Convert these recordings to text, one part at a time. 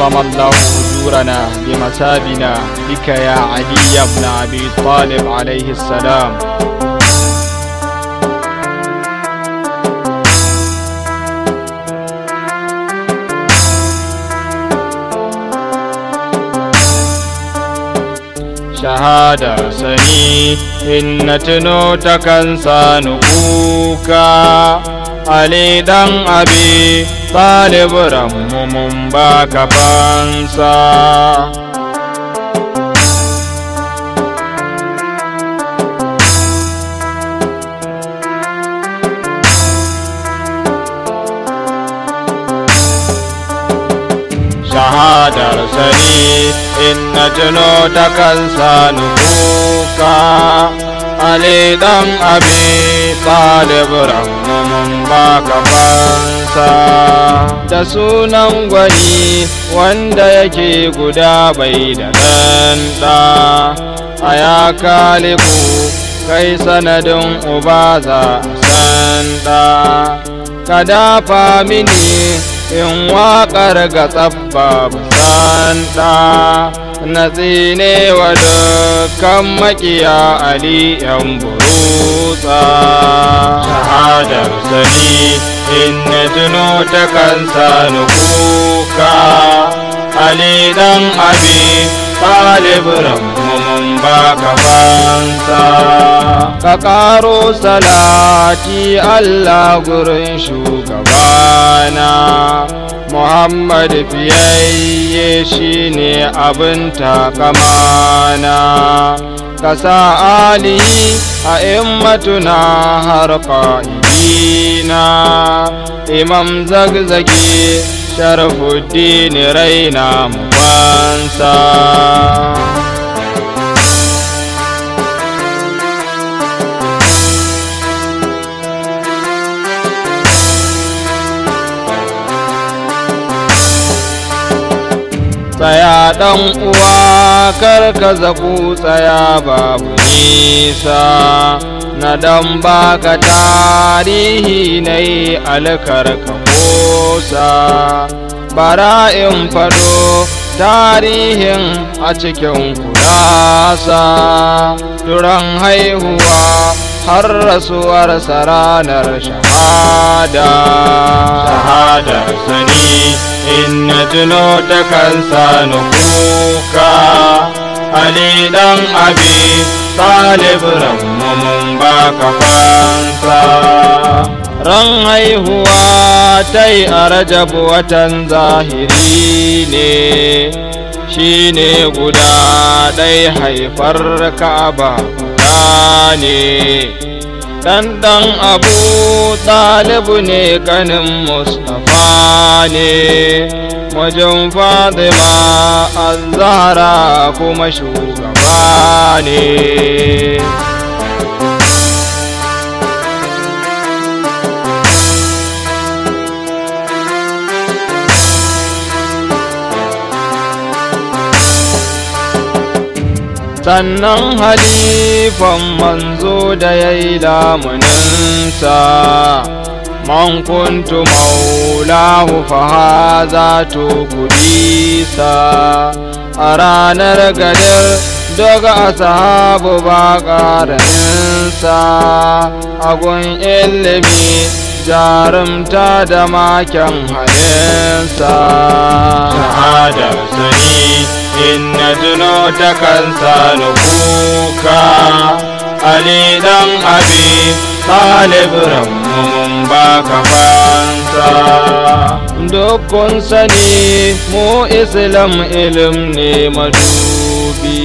عظم الله أجورنا بمثابنا بك يا علي بن أبي طالب عليه السلام شهادة سني إن na tuno ta kansa nukuka ali पालवरं मुम्बाकपंसा शरीनोटकल् सूका अलेदम् अभी पाल्यवरङ्गम्बाकपा sa da sunan gwani wanda yake guda bai da nan ɗa a ya kaliku kai sanadin uba za san ɗa ka dafa mini in waƙar ga tsabba san ɗa na tsine wa dukkan maƙiya ali yan buru dutsa shahadar sani in na tuno ta kansa ni kuka ali dan abi talib mun ba ka ka karo salati allah gurin shugabana Muhammad fiyayye shine abin takama lana ka sa alihi a immatuna har qa'idina imam zagzagi sharfuddin raina mu bansa tsaya dan uwa kar ka zaku tsaya babu nisa na dan baka tarihi na yi ka kosa bara in fado tarihin a cikin kurasa duran haihuwa har rasuwar sa ranar shahada shahadar sani Inna na tuno ta kuka ali dan abi talib ran ba ka fansa ran haihuwa ta yi a rajab watan zahiri ne shi ne guda ɗai haifar ka'aba ne ɗanɗan abu talibu ne ganin mustapha ne wajen fatima azahara kuma shugaba ne sannan halifan manzo da ya yi lamuninsa man kuntu maulahu za to sa a ranar gadar daga a sahabu ba ƙararinsa agun ilimi jarumta da makin halinsa ta sani Inna duno tuno ta kansa kuka ali dan abi talib mun ba ka fansa dukkan sani mu islam ilim ne madubi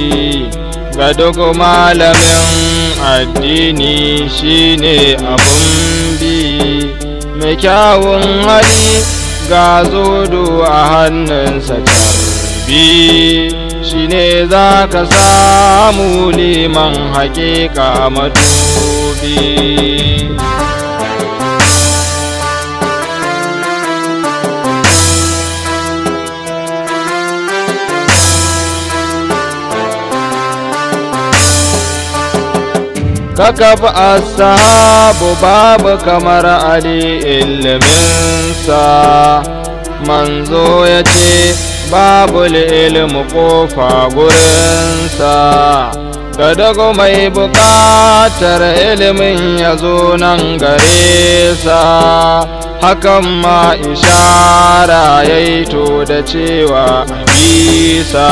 ga duk malamin addini shine abun bi mai kyawun hali ga zodo a hannunsa bi ne za ka samu liman haƙiƙa matubi a sabu babu kamar ali ilminsa manzo ya ce babu ilimi kofa gurinsa da dago mai buƙatar ilimin ya zo nan gare sa hakan ma ishara ya yi to da cewa isa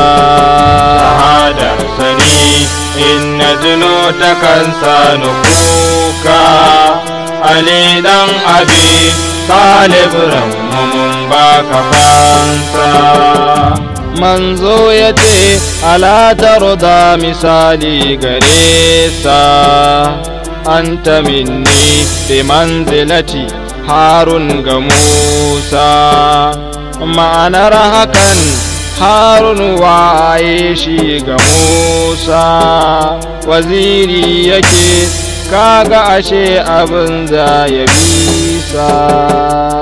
hadar sani in jino ta kansa nufuka ali dan abi salibiran mun manzo ya ce alatar da misali gare sa an ta minni fi manzilati harun ga musa ma'anar hakan harun waye shi ga musa waziri yake kaga ashe abin za ya bi side.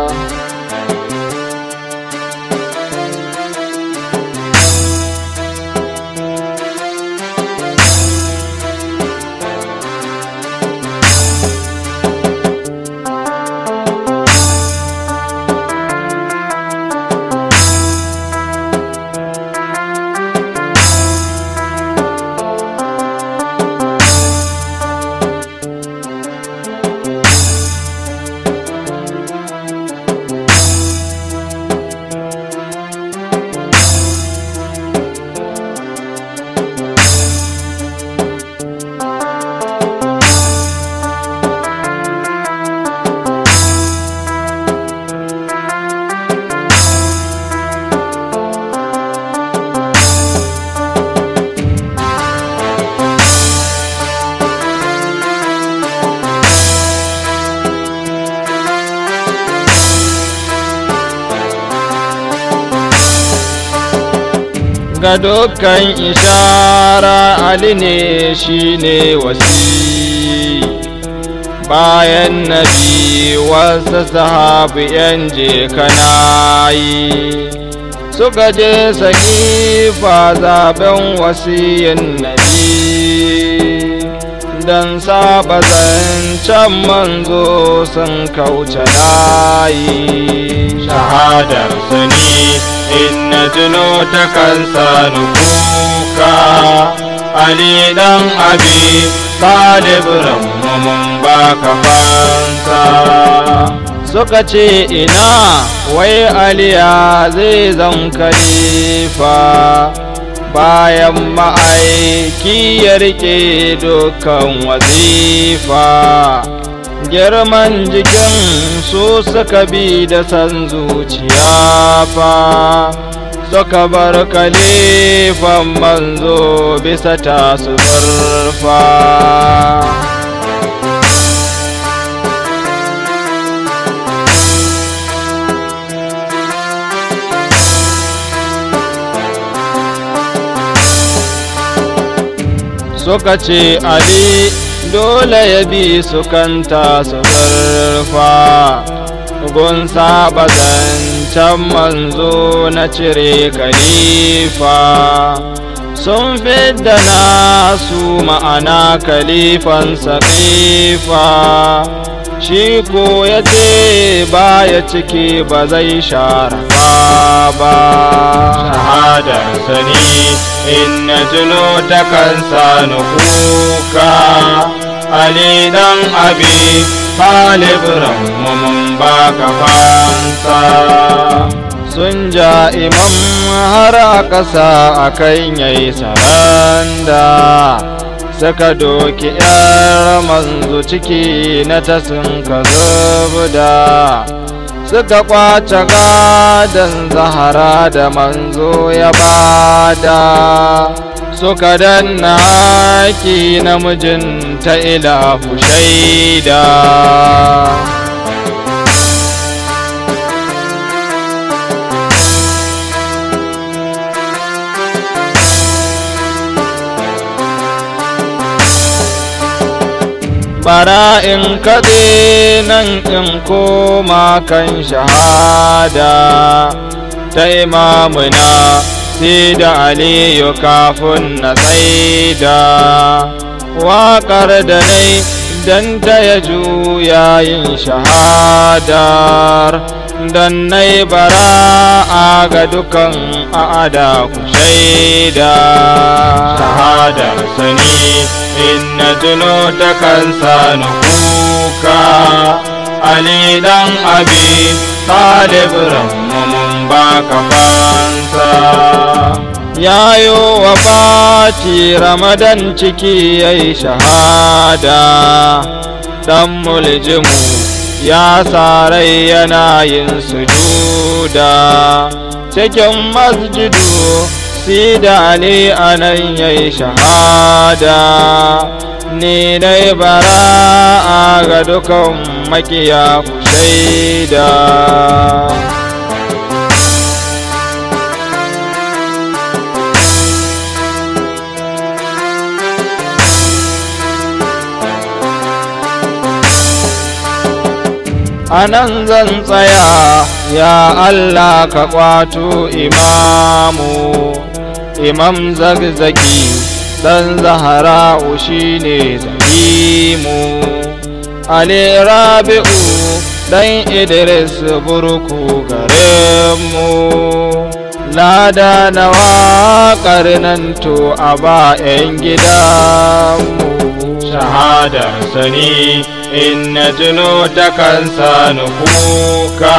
ga dukkan ishara ali ne shi ne wasi bayan nabi wasu sahabu yan je kanayi suka je fa zaben wasiyin nabi don saba zancen manzo sun kauce layi shahadar su ne Inna na tuno ta kansa kuka ali dan abi talib mun ba fansa suka ce ina wai aliya zai zan kalifa bayan ma'aiki ya rike dukkan wazifa girman jikin su suka bi da san zuciya fa suka bar kalifan manzo bisa su zurfa suka ce ali dole ya bi su kanta su zurfa gun saba zancen manzo na cire kalifa sun fidda nasu ma'ana kalifan saƙifa shi ko ya ce baya ciki ba zai sharafa ba shahadar sani in na tuno ta kansa nufuka ali dan abi talib mumun mun baka fansa sun ja imam har a ƙasa a kan yayi saranda saka doki yar manzo ciki na ta sun ka zubda suka kwace gadon zahara da manzo ya bada suka danna haki namijin ta ilahu shaida bara in kaɗe nan in koma kan shahada ta imamuna sai da aliyu kafin na saida waƙar da nai don taya juya yin shahadar don nai bara'a ga dukan a'ada ku shaida shahadar sani inna tuno ta kansa na kuka ali dan abi talib ramu mun baka fansa yayo wa Fati ramadan ciki ya yi shahada dan muljimu ya sarai yana yin sujuda cikin masjidu sida ali anan ya yi shahada ni dai bara'a ga dukan makiya ku shaida anan zan tsaya ya Allah ka kwato imamu imam zagzagi dan zahara'u shine zahimu ali rabi'u dan idris burku garinmu lada na waƙar nan to a ba 'yan gidanmu shahada sani Ina tuni takan sa kuka,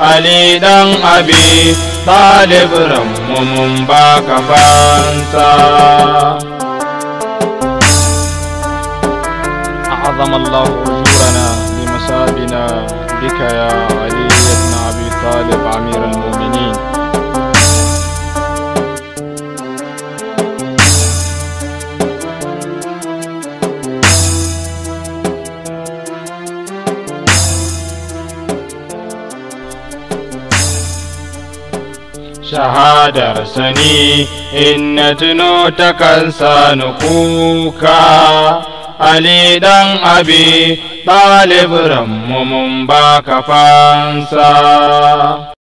Ali dan abi ba laburam mumun ba kafansa. A'a, zaman lantarki ba su rana shahadar sani in tuno ta kansa kuka Ali dan abi ɗalib mu ba ka fansa